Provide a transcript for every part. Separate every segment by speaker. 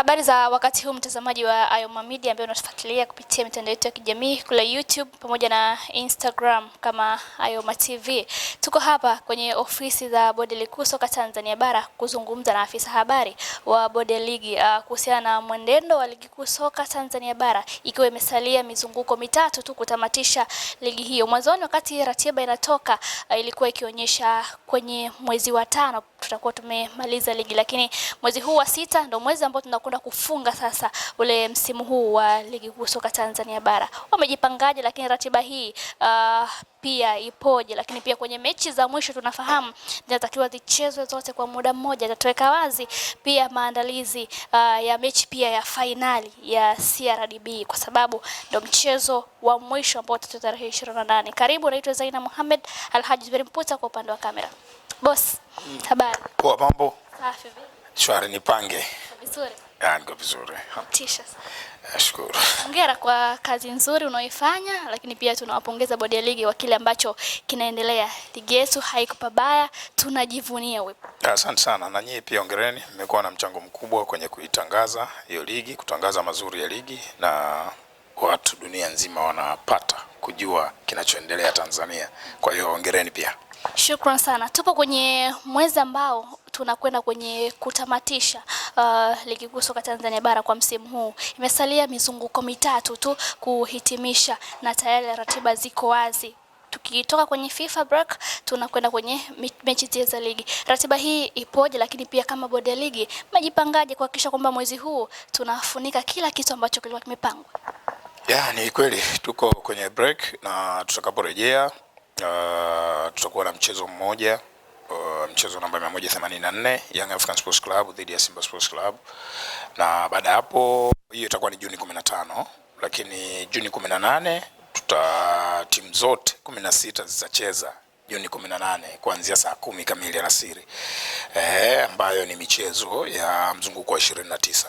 Speaker 1: Habari za wakati huu mtazamaji wa Ayoma Media ambaye unatufuatilia kupitia mitandao yetu ya kijamii kule YouTube pamoja na Instagram kama Ayoma TV. Tuko hapa kwenye ofisi za Bodi Ligi Soka Tanzania Bara kuzungumza na afisa habari wa Bodi Ligi uh, kuhusiana na mwenendo wa Ligi Kuu Soka Tanzania Bara ikiwa imesalia mizunguko mitatu tu kutamatisha ligi hiyo. Mwanzoni wakati ratiba inatoka uh, ilikuwa ikionyesha kwenye mwezi wa tano tutakuwa tumemaliza ligi, lakini mwezi huu wa sita ndio mwezi ambao tunakuwa kwenda kufunga sasa ule msimu huu wa ligi kuu soka Tanzania bara. Wamejipangaje, lakini ratiba hii uh, pia ipoje? Lakini pia kwenye mechi za mwisho tunafahamu zinatakiwa zichezwe zote kwa muda mmoja, tatoweka wazi pia maandalizi uh, ya mechi pia ya fainali ya CRDB kwa sababu ndio mchezo wa mwisho ambao utachezwa tarehe 28. Karibu, naitwa Zaina Mohamed Alhaji Zuberi Mputa kwa upande wa kamera. Boss, habari? Poa, mambo? Safi. Shwari, nipange. Vizuri. Niko vizuri. Tisha sana. Nashukuru.
Speaker 2: Hongera kwa kazi nzuri unaoifanya, lakini pia tunawapongeza bodi ya ligi kwa kile ambacho kinaendelea. Ligi yetu haiko pabaya, tunajivunia uwepo.
Speaker 1: Asante sana na nyie pia ongereni mmekuwa na mchango mkubwa kwenye kuitangaza hiyo ligi, kutangaza mazuri ya ligi na watu dunia nzima wanapata kujua kinachoendelea Tanzania. Kwa hiyo ongereni pia.
Speaker 2: Shukran sana. Tupo kwenye mwezi ambao tunakwenda kwenye kutamatisha uh, ligi kuu soka Tanzania bara kwa msimu huu. Imesalia mizunguko mitatu tu kuhitimisha na tayari ratiba ziko wazi. Tukitoka kwenye FIFA break tunakwenda kwenye mechi za ligi. Ratiba hii ipoje? Lakini pia kama bodi ya ligi majipangaje kuhakikisha kwamba mwezi huu tunafunika kila kitu ambacho kilikuwa kimepangwa?
Speaker 1: Yeah, ni kweli tuko kwenye break na tutakaporejea, uh, tutakuwa na mchezo mmoja Uh, mchezo namba 184 Young African Sports Club dhidi ya Simba Sports Club, na baada ya hapo hiyo itakuwa ni Juni 15, lakini Juni 18 tuta timu zote 16 zitacheza Juni 18 kuanzia saa kumi kamili alasiri eh, ambayo ni michezo ya mzunguko wa 29.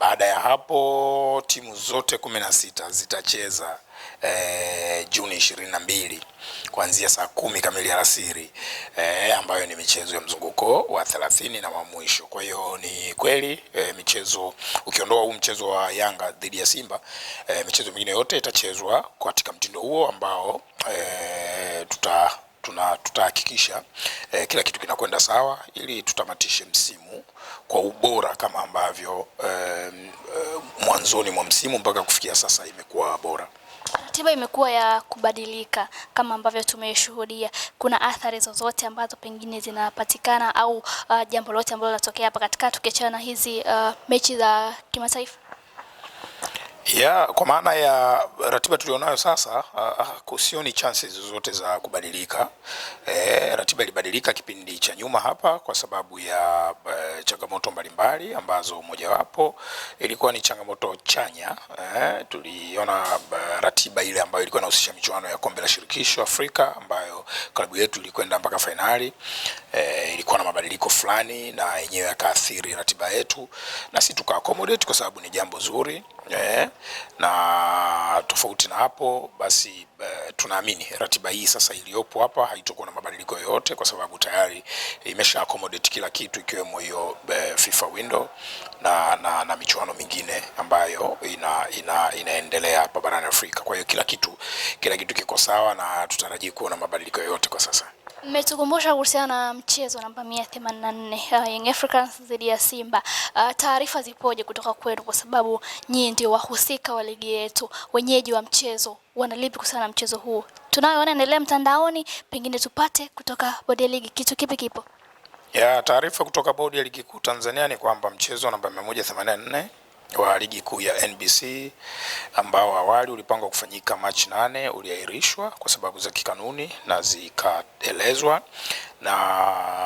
Speaker 1: Baada ya hapo timu zote 16 zitacheza eh, Juni ishirini na mbili kuanzia saa kumi kamili alasiri eh, ambayo ni michezo ya mzunguko wa thelathini na wa mwisho. Kwa hiyo ni kweli eh, michezo ukiondoa huu mchezo wa Yanga dhidi ya Simba eh, michezo mingine yote itachezwa katika mtindo huo ambao eh, tuta tuna tutahakikisha eh, kila kitu kinakwenda sawa ili tutamatishe msimu kwa ubora kama ambavyo eh, eh mwanzoni mwa msimu mpaka kufikia sasa imekuwa bora
Speaker 2: ratiba imekuwa ya kubadilika kama ambavyo tumeshuhudia. Kuna athari zozote ambazo pengine zinapatikana au uh, jambo lolote ambalo linatokea hapa katika tukiachana na hizi uh, mechi za kimataifa?
Speaker 1: Yeah, kwa maana ya ratiba tulionayo sasa ah, ah, kusioni chances zozote za kubadilika. E, ratiba ilibadilika kipindi cha nyuma hapa kwa sababu ya e, changamoto mbalimbali ambazo mojawapo ilikuwa ni changamoto chanya. E, tuliona ratiba ile ambayo ilikuwa inahusisha michuano ya kombe la shirikisho Afrika ambayo klabu yetu ilikwenda mpaka fainali. E, ilikuwa na mabadiliko fulani na yenyewe yakaathiri ratiba yetu, na si tuka accommodate kwa sababu ni jambo zuri eh, na tofauti na hapo basi eh, tunaamini ratiba hii sasa iliyopo hapa haitokuwa na mabadiliko yoyote, kwa sababu tayari imesha accommodate kila kitu ikiwemo hiyo eh, FIFA window na, na, na michuano mingine ambayo ina, ina, inaendelea hapa barani Afrika. Kwa hiyo kila kitu kila kitu kiko sawa na tutarajii kuona mabadiliko yoyote kwa sasa.
Speaker 2: Mmetukumbusha kuhusiana na mchezo namba 184 uh, Young Africans dhidi ya Simba. Uh, taarifa zipoje kutoka kwenu, kwa sababu nyinyi ndio wahusika wa ligi yetu, wenyeji wa mchezo, wanalipi kuhusiana na mchezo huu tunayoona endelea mtandaoni, pengine tupate kutoka bodi ya ligi, kitu kipi kipo?
Speaker 1: Ya taarifa kutoka bodi ya ligi kuu Tanzania ni kwamba mchezo namba 184 wa ligi kuu ya NBC ambao awali ulipangwa kufanyika Machi nane uliahirishwa kwa sababu za kikanuni na zikaelezwa, na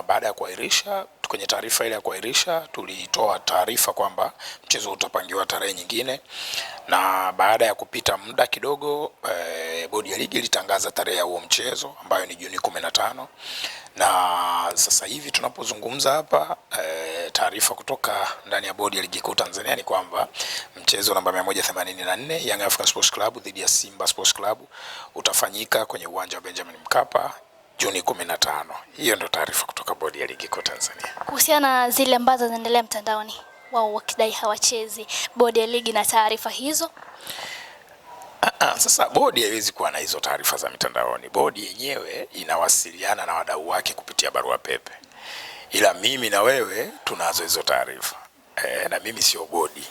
Speaker 1: baada ya kuahirisha, kwenye taarifa ile ya kuahirisha tulitoa taarifa kwamba mchezo utapangiwa tarehe nyingine, na baada ya kupita muda kidogo e, bodi ya ligi ilitangaza tarehe ya huo mchezo ambayo ni Juni kumi na tano na sasa hivi tunapozungumza hapa e, taarifa kutoka ndani ya bodi ya ligi kuu Tanzania ni kwamba mchezo namba 184 Young African Sports Club dhidi ya Simba Sports Club utafanyika kwenye uwanja wa Benjamin Mkapa Juni 15. Hiyo ndio taarifa kutoka bodi ya ligi kuu Tanzania
Speaker 2: kuhusiana na zile ambazo zinaendelea mtandaoni, wao wakidai hawachezi. Bodi ya ligi na taarifa hizo
Speaker 1: Aa, ah, ah, sasa bodi haiwezi kuwa na hizo taarifa za mitandaoni. Bodi yenyewe inawasiliana na wadau wake kupitia barua pepe, ila mimi na wewe tunazo hizo taarifa e, na mimi sio bodi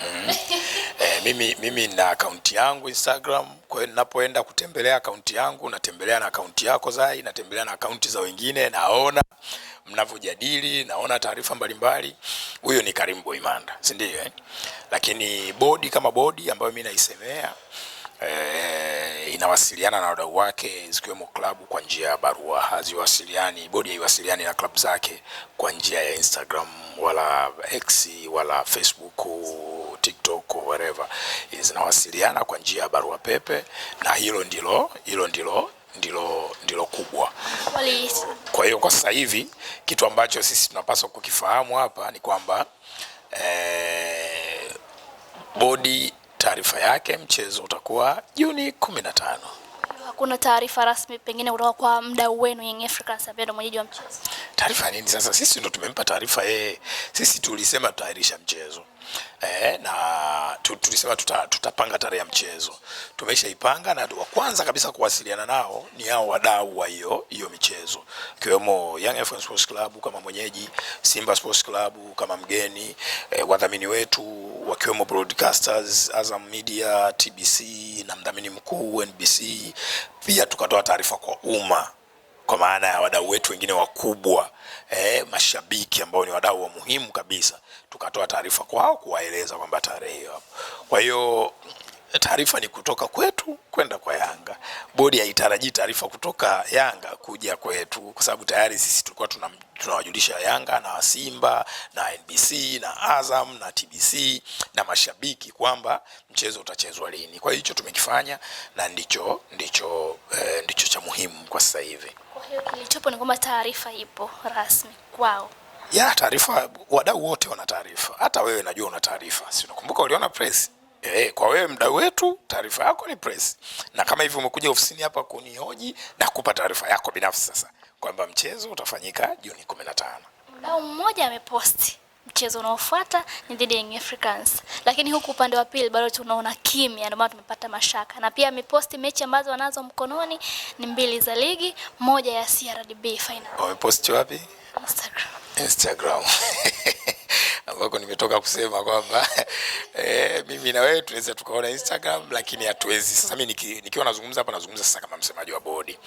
Speaker 1: mm. E, mimi mimi na akaunti yangu Instagram. Kwa hiyo ninapoenda kutembelea akaunti yangu, natembelea na akaunti yako Zai, natembelea na akaunti za wengine, naona mnavyojadili, naona taarifa mbalimbali. Huyo ni Karim Boimanda, si ndio eh? Lakini bodi kama bodi ambayo mimi naisemea eh, inawasiliana na wadau wake zikiwemo klabu kwa njia ya barua, haziwasiliani bodi haiwasiliani na klabu zake kwa njia ya Instagram wala X wala Facebook TikTok whatever, eh, zinawasiliana kwa njia ya barua pepe, na hilo ndilo hilo ndilo ndilo ndilo kubwa. Kwa hiyo kwa sasa hivi kitu ambacho sisi tunapaswa kukifahamu hapa ni kwamba eh, bodi taarifa yake mchezo utakuwa Juni kumi na tano.
Speaker 2: Hakuna taarifa rasmi pengine kutoka kwa mdau wenu Young Africans ambaye ndio mwenyeji wa mchezo.
Speaker 1: Taarifa nini sasa? Sisi ndio tumempa taarifa yeye. Sisi tulisema tutaahirisha mchezo eh, na tulisema tuta, tutapanga tarehe ya mchezo. Tumeshaipanga na wa kwanza kabisa kuwasiliana nao ni hao wadau wa hiyo hiyo michezo, ikiwemo Young Africans Sports Club kama mwenyeji, Simba Sports Club kama mgeni, eh, wadhamini wetu wakiwemo broadcasters Azam Media, TBC na mdhamini mkuu NBC. Pia tukatoa taarifa kwa umma kwa maana ya wadau wetu wengine wakubwa eh, mashabiki ambao ni wadau wa muhimu kabisa, tukatoa taarifa kwao kuwaeleza kwamba tarehe hiyo hapo. Kwa hiyo taarifa ni kutoka kwetu kwenda kwa Yanga. Bodi haitarajii taarifa kutoka Yanga kuja kwetu, kwa sababu tayari sisi tulikuwa tunawajulisha Yanga na Simba na NBC na Azam na TBC na mashabiki kwamba mchezo utachezwa lini. Kwa hiyo hicho tumekifanya na ndicho ndicho, eh, ndicho cha muhimu kwa sasa hivi
Speaker 2: hiyo kilichopo ni kwamba taarifa ipo rasmi kwao.
Speaker 1: Ya taarifa, wadau wote wana taarifa, hata wewe najua una taarifa, si unakumbuka uliona press Eh, kwa wewe mdau wetu taarifa yako ni press, na kama hivyo umekuja ofisini hapa kunihoji na kupa taarifa yako binafsi sasa kwamba mchezo utafanyika Juni kumi na tano.
Speaker 2: Mdau mmoja ameposti mchezo unaofuata ni dhidi ya Africans, lakini huku upande wa pili bado tunaona kimya, ndio maana tumepata mashaka. Na pia ameposti mechi ambazo wanazo mkononi ni mbili za ligi, moja ya CRDB final.
Speaker 1: Wameposti wapi? Instagram. Instagram. ambako nimetoka kusema kwamba e, mimi na wewe tunaweza tukaona Instagram lakini hatuwezi. Sasa mimi niki, nikiwa nazungumza hapa nazungumza sasa kama msemaji wa bodi,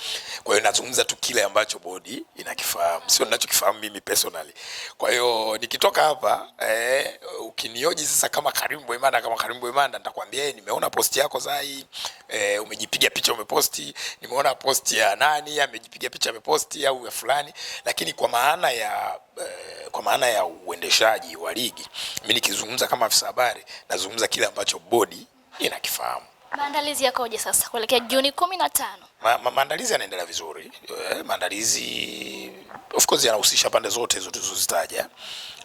Speaker 1: kwa hiyo nazungumza tu kile ambacho bodi inakifahamu, sio ninachokifahamu mimi personally. Kwa hiyo nikitoka hapa e, ukinioji sasa kama Karim Bwemanda kama Karim Bwemanda nitakwambia yeye, eh, nimeona posti yako zai e, umejipiga picha umeposti, nimeona posti ya nani amejipiga picha ameposti au ya fulani, lakini kwa maana ya Eh, kwa maana ya uendeshaji wa ligi, mimi nikizungumza kama afisa habari, nazungumza kile ambacho bodi inakifahamu.
Speaker 2: Maandalizi yakoje sasa kuelekea Juni kumi na tano?
Speaker 1: Ma, ma, maandalizi yanaendelea vizuri. Eh, maandalizi of course yanahusisha pande zote hizo tulizozitaja,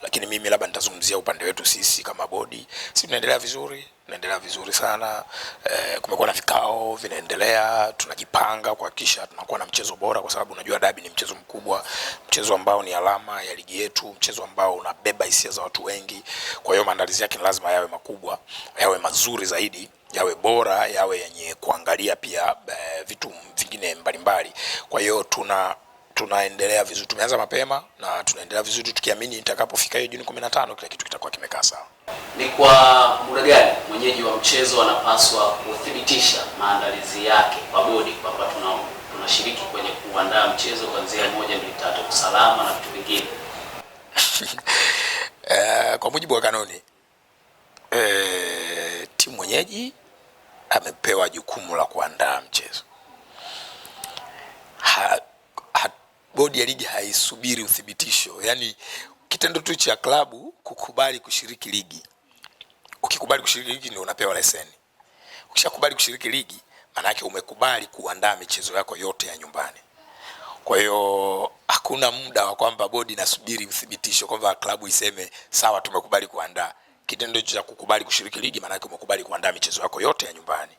Speaker 1: lakini mimi labda nitazungumzia upande wetu sisi kama bodi. Sisi tunaendelea vizuri, tunaendelea vizuri sana. eh, kumekuwa na vikao vinaendelea, tunajipanga kuhakikisha tunakuwa na mchezo bora, kwa sababu unajua dabi ni mchezo mkubwa, mchezo ambao ni alama ya ligi yetu, mchezo ambao unabeba hisia za watu wengi. Kwa hiyo maandalizi yake ni lazima yawe makubwa, yawe mazuri zaidi yawe bora, yawe yenye kuangalia pia e, vitu vingine mbalimbali. Kwa hiyo tuna tunaendelea vizuri, tumeanza mapema na tunaendelea vizuri, tukiamini itakapofika hiyo Juni 15 kila kitu kitakuwa kimekaa sawa.
Speaker 3: Ni kwa muda gani mwenyeji wa mchezo anapaswa kuthibitisha maandalizi yake kwa bodi kwamba tuna tunashiriki kwenye kuandaa mchezo kuanzia moja mbili tatu, usalama na vitu vingine?
Speaker 1: Eh, kwa mujibu wa kanuni e, timu mwenyeji amepewa jukumu la kuandaa mchezo ha, ha, bodi ya ligi haisubiri uthibitisho. Yani kitendo tu cha klabu kukubali kushiriki ligi, ukikubali kushiriki ligi ndio unapewa leseni. Ukishakubali kushiriki ligi, maanake umekubali kuandaa michezo yako yote ya nyumbani. Kwa hiyo hakuna muda wa kwamba bodi inasubiri uthibitisho kwamba klabu iseme sawa, tumekubali kuandaa kitendo cha kukubali kushiriki ligi, maanake umekubali kuandaa michezo yako yote ya nyumbani.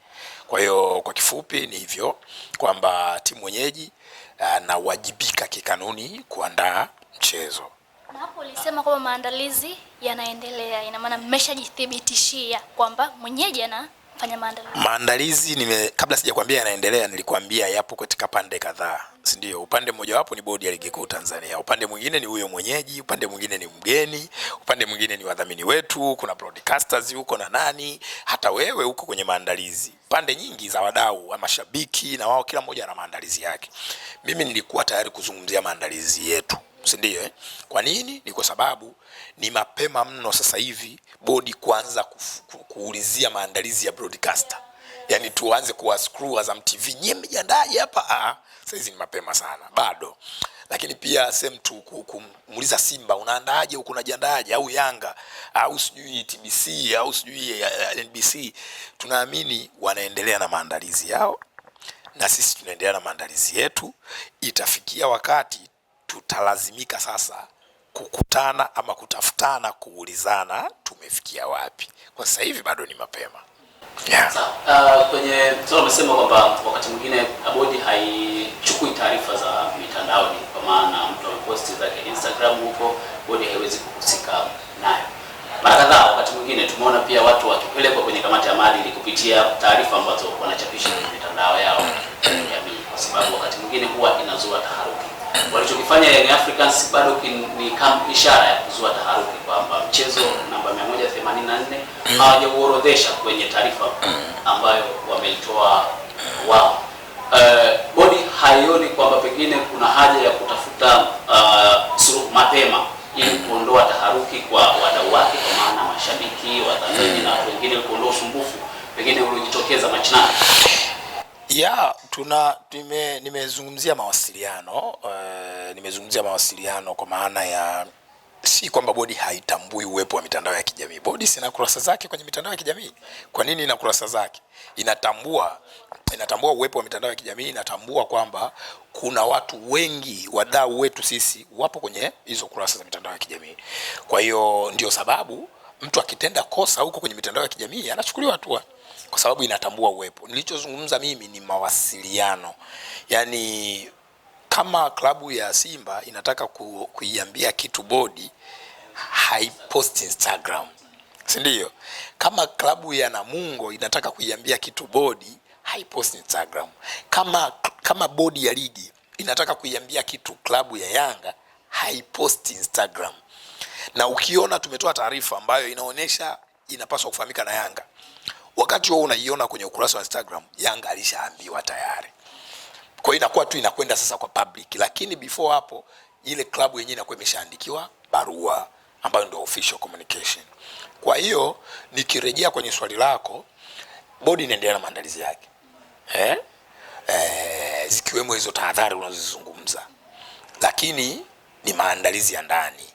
Speaker 1: Kwa hiyo kwa kifupi ni hivyo kwamba timu mwenyeji anawajibika uh, kikanuni kuandaa mchezo.
Speaker 2: Na hapo ulisema kwamba maandalizi yanaendelea, ina maana mmeshajithibitishia kwamba mwenyeji ana kufanya maandalizi.
Speaker 1: Maandalizi nime kabla sijakwambia yanaendelea, nilikwambia yapo katika pande kadhaa, si ndio? Upande mmoja wapo ni bodi ya ligi kuu Tanzania, upande mwingine ni huyo mwenyeji, upande mwingine ni mgeni, upande mwingine ni wadhamini wetu, kuna broadcasters huko na nani, hata wewe huko kwenye maandalizi, pande nyingi za wadau wa mashabiki, na wao kila mmoja ana maandalizi yake. Mimi nilikuwa tayari kuzungumzia maandalizi yetu si ndio? Eh, kwa nini? Ni kwa sababu ni mapema mno sasa hivi bodi kuanza kuulizia maandalizi ya broadcaster, yaani tuanze kuwa screw Azam TV, nyie mmejiandaje hapa? Ah, ah, sasa hizi ni mapema sana bado lakini pia sehemu tu kumuuliza Simba unaandaaje huko unajiandaaje, au Yanga au sijui TBC au sijui eh, eh, NBC. Tunaamini wanaendelea na maandalizi yao na sisi tunaendelea na maandalizi yetu. Itafikia wakati tutalazimika sasa kukutana ama kutafutana kuulizana tumefikia wapi. Kwa sasa hivi bado ni mapema
Speaker 3: yeah. Uh, kwenye amesema kwamba wakati mwingine bodi haichukui taarifa za mitandaoni, kwa maana mtu ameposti zake Instagram huko, bodi haiwezi kuhusika nayo. Mara kadhaa wakati mwingine tumeona pia watu wakipelekwa kwenye kamati ya maadili kupitia taarifa ambazo wanachapisha kwenye mitandao yao ya jamii, kwa sababu wakati mwingine huwa inazua taharuki. Walichokifanya Young Africans bado ni kama ishara ya kuzua taharuki kwamba mchezo namba 184 hawajauorodhesha kwenye taarifa ambayo wameitoa wao. Uh, bodi haioni kwamba pengine kuna haja ya kutafuta uh, suluhu mapema ili kuondoa taharuki kwa wadau wake, kwa maana mashabiki, wadhamini na wengine, kuondoa usumbufu pengine uliojitokeza machinani
Speaker 1: ya tuna tume, nimezungumzia mawasiliano uh, nimezungumzia mawasiliano kwa maana ya si kwamba bodi haitambui uwepo wa mitandao ya kijamii. Bodi sina kurasa zake kwenye mitandao ya kijamii. Kwa nini ina kurasa zake? Inatambua, inatambua uwepo wa mitandao ya kijamii, inatambua kwamba kuna watu wengi, wadau wetu sisi wapo kwenye hizo kurasa za mitandao ya kijamii. Kwa hiyo ndio sababu mtu akitenda kosa huko kwenye mitandao ya kijamii anachukuliwa hatua kwa sababu inatambua uwepo. Nilichozungumza mimi ni mawasiliano, yaani kama klabu ya Simba inataka ku, kuiambia kitu bodi, haipost Instagram, si ndio? Kama klabu ya Namungo inataka kuiambia kitu bodi, haipost Instagram. Kama, kama bodi ya ligi inataka kuiambia kitu klabu ya Yanga haiposti Instagram, na ukiona tumetoa taarifa ambayo inaonyesha inapaswa kufahamika na Yanga wakati wewe unaiona kwenye ukurasa wa Instagram, Yanga alishaambiwa tayari. Kwa hiyo inakuwa tu inakwenda sasa kwa public, lakini before hapo ile klabu yenyewe inakuwa imeshaandikiwa barua ambayo ndio official communication. Kwa hiyo nikirejea kwenye swali lako, bodi inaendelea na maandalizi yake eh? Eh, zikiwemo hizo tahadhari unazozizungumza, lakini ni maandalizi ya ndani.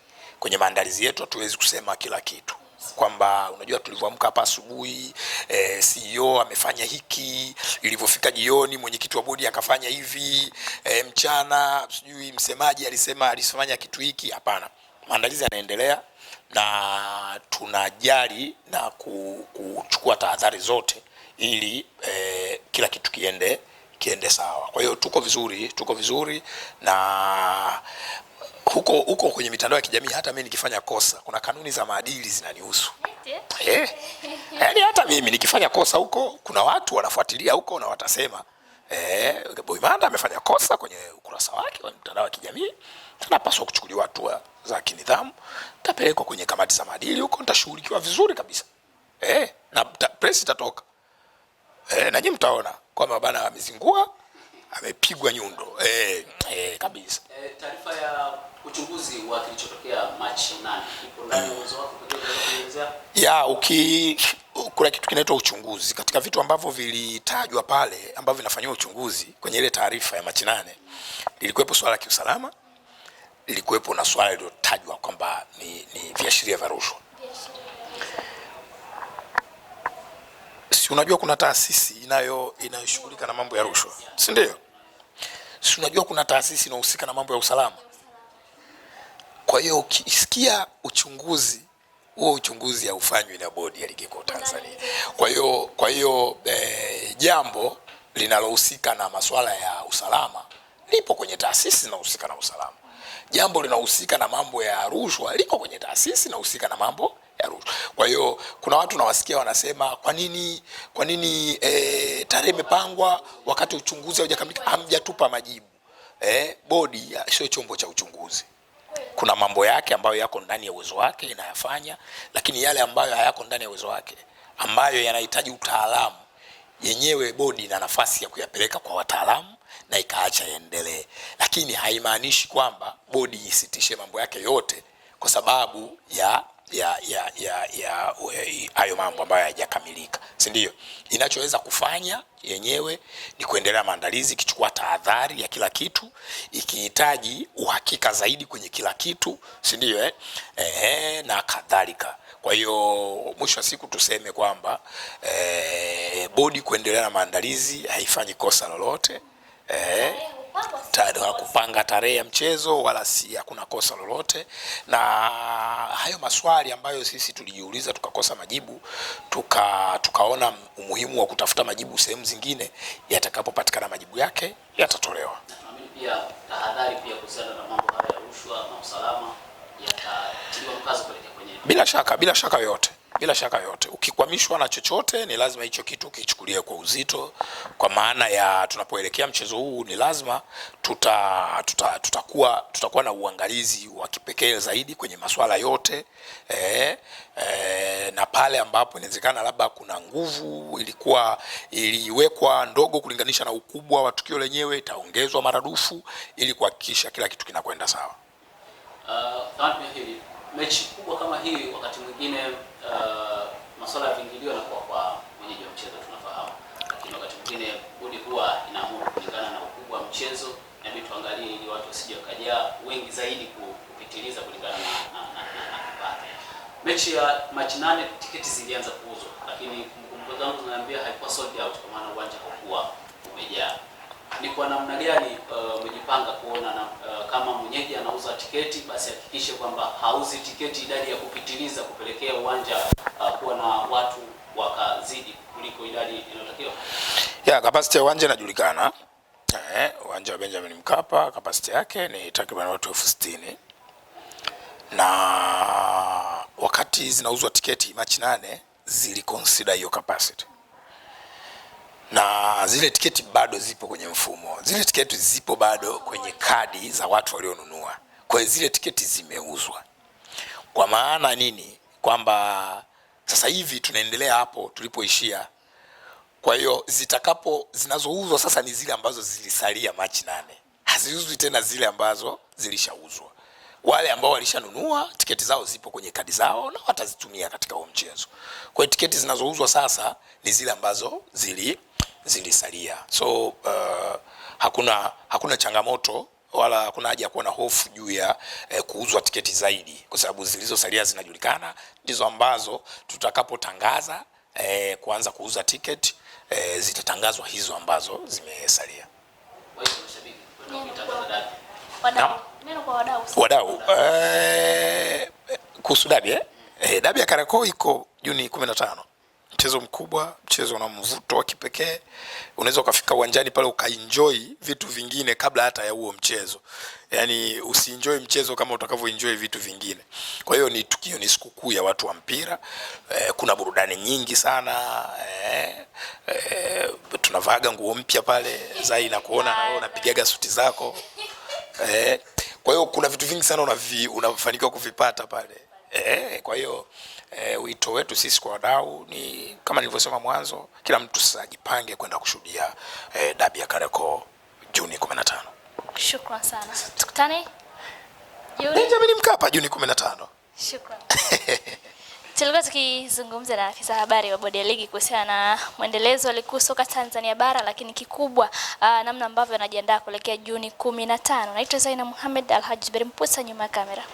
Speaker 1: Kwenye maandalizi yetu hatuwezi kusema kila kitu kwamba unajua tulivyoamka hapa asubuhi eh, e, CEO amefanya hiki, ilivyofika jioni mwenyekiti wa bodi akafanya hivi e, mchana sijui msemaji alisema alifanya kitu hiki. Hapana, maandalizi yanaendelea na tunajali na kuchukua tahadhari zote ili e, kila kitu kiende kiende sawa. Kwa hiyo tuko vizuri, tuko vizuri na huko huko kwenye mitandao ya kijamii, hata mimi nikifanya kosa, kuna kanuni za maadili zinanihusu eh, yaani hata mimi nikifanya kosa huko, kuna watu wanafuatilia huko na watasema eh, Boimanda amefanya kosa kwenye ukurasa wake wa mitandao ya kijamii, anapaswa kuchukuliwa hatua za kinidhamu. tapelekwa kwenye kamati za maadili huko, nitashughulikiwa vizuri kabisa eh, na press itatoka eh, na nyinyi mtaona kwamba bana amezingua amepigwa nyundo eh, eh, kabisa.
Speaker 3: Eh, taarifa ya uchunguzi wa kilichotokea Machi 8 ipo ndani ya uwezo wako kuelezea?
Speaker 1: Ya uki kuna kitu kinaitwa uchunguzi katika vitu ambavyo vilitajwa pale ambavyo vinafanywa uchunguzi kwenye ile taarifa ya Machi nane, lilikuwepo swala la kiusalama, lilikuwepo na swala lililotajwa kwamba ni, ni viashiria vya rushwa. si unajua kuna taasisi inayo inayoshughulika na mambo ya rushwa, si ndio? Si unajua kuna taasisi inahusika na mambo ya usalama. Kwa hiyo ukisikia uchunguzi huo, uchunguzi haufanywi na bodi ya ligi kuu Tanzania. Kwa hiyo kwa hiyo e, jambo linalohusika na masuala ya usalama lipo kwenye taasisi zinahusika na usalama. Jambo linahusika na mambo ya rushwa liko kwenye taasisi inahusika na mambo ya rushwa. Kwa hiyo kuna watu nawasikia wanasema kwa nini kwa nini e, tarehe imepangwa wakati uchunguzi haujakamilika. Hamjatupa majibu e, bodi sio chombo cha uchunguzi kuna mambo yake ambayo yako ndani ya uwezo wake inayafanya, lakini yale ambayo hayako ndani ya uwezo wake ambayo yanahitaji utaalamu, yenyewe bodi ina nafasi ya kuyapeleka kwa wataalamu na ikaacha yaendelee, lakini haimaanishi kwamba bodi isitishe mambo yake yote kwa sababu ya ya ya ya ya eh, hayo mambo ambayo hayajakamilika, si ndio? Inachoweza kufanya yenyewe ni kuendelea maandalizi, ikichukua tahadhari ya kila kitu, ikihitaji uhakika zaidi kwenye kila kitu, si ndio? Eh, ehe, na kadhalika. Kwa hiyo mwisho wa siku tuseme kwamba eh, bodi kuendelea na maandalizi haifanyi kosa lolote eh kupanga tarehe ya mchezo wala si hakuna kosa lolote, na hayo maswali ambayo sisi tulijiuliza tukakosa majibu tuka, tukaona umuhimu wa kutafuta majibu sehemu zingine, yatakapopatikana majibu yake yatatolewa.
Speaker 3: Pia tahadhari pia kuhusiana na mambo haya ya rushwa na usalama yatatiliwa mkazo kwenye
Speaker 1: bila shaka bila shaka yoyote bila shaka yote. Ukikwamishwa na chochote, ni lazima hicho kitu kichukulie kwa uzito, kwa maana ya tunapoelekea mchezo huu ni lazima tuta, tuta, tutakuwa, tutakuwa na uangalizi wa kipekee zaidi kwenye masuala yote e, e, na pale ambapo inawezekana labda kuna nguvu ilikuwa iliwekwa ndogo kulinganisha na ukubwa wa tukio lenyewe itaongezwa maradufu ili kuhakikisha kila kitu kinakwenda sawa.
Speaker 3: Uh, mechi kubwa kama hii, wakati mwingine uh, masuala ya viingilio yanakuwa kwa mwenyeji wa mchezo tunafahamu, lakini wakati mwingine bodi huwa inaamua kulingana na ukubwa wa mchezo, nabidi tuangalie ili watu wasije wakajaa wengi zaidi kupitiliza kulingana na, na, na, na na. Mechi ya Machi nane tiketi zilianza kuuzwa, lakini kumbukumbu zangu zinaambia haikuwa sold out, kwa maana uwanja hakuwa umejaa ni kwa namna gani uh, umejipanga uh, kuona na, uh, kama mwenyeji anauza tiketi basi hakikishe kwamba hauzi tiketi idadi ya kupitiliza kupelekea uwanja uh, kuwa na watu wakazidi kuliko idadi
Speaker 1: inayotakiwa. Ya kapasiti ya uwanja inajulikana. Eh, uwanja wa Benjamin Mkapa kapasiti yake ni takriban watu elfu sitini na wakati zinauzwa tiketi Machi nane zilikonsida hiyo kapasiti na zile tiketi bado zipo kwenye mfumo, zile tiketi zipo bado kwenye kadi za watu walionunua. Kwa hiyo zile tiketi zimeuzwa. Kwa maana nini? Kwamba sasa hivi tunaendelea hapo tulipoishia. Kwa hiyo zitakapo, zinazouzwa sasa ni zile ambazo zilisalia Machi nane, haziuzwi tena zile ambazo zilishauzwa. Wale ambao walishanunua tiketi zao zipo kwenye kadi zao na watazitumia katika huo mchezo. Kwa hiyo tiketi zinazouzwa sasa ni zile ambazo zili zilisalia. So uh, hakuna hakuna changamoto wala hakuna haja ya kuwa na hofu juu ya eh, kuuzwa tiketi zaidi, kwa sababu zilizosalia zinajulikana, ndizo ambazo tutakapotangaza eh, kuanza kuuza tiketi eh, zitatangazwa hizo ambazo zimesalia. Wadau eh, kuhusu dabi eh? eh? dabi ya Kariakoo iko Juni kumi na tano mchezo mkubwa, mchezo na mvuto wa kipekee. Unaweza ukafika uwanjani pale ukaenjoy vitu vingine kabla hata ya huo mchezo, yaani usienjoy mchezo kama utakavyoenjoy vitu vingine. Kwa hiyo ni tukio, ni sikukuu ya watu wa mpira e, kuna burudani nyingi sana e, eh, e, eh, tunavaga nguo mpya pale zai na kuona na unapigaga suti zako e, kwa hiyo kuna vitu vingi sana unafanikiwa kuvipata pale. Eh, kwa hiyo eh, wito wetu sisi kwa wadau ni kama nilivyosema mwanzo, kila mtu sasa ajipange kwenda kushuhudia eh, dabi ya Kariakoo Juni 15.
Speaker 2: Shukrani sana. Tukutane
Speaker 1: Juni. Benjamin Mkapa Juni 15.
Speaker 2: Shukrani. Tulikuwa tukizungumza na afisa habari wa bodi ya ligi kuhusiana na mwendelezo wa ligi kuu soka Tanzania bara, lakini kikubwa uh, namna ambavyo anajiandaa kuelekea Juni 15. Naitwa Zaina Muhammad Alhaji Berimpusa, nyuma ya kamera.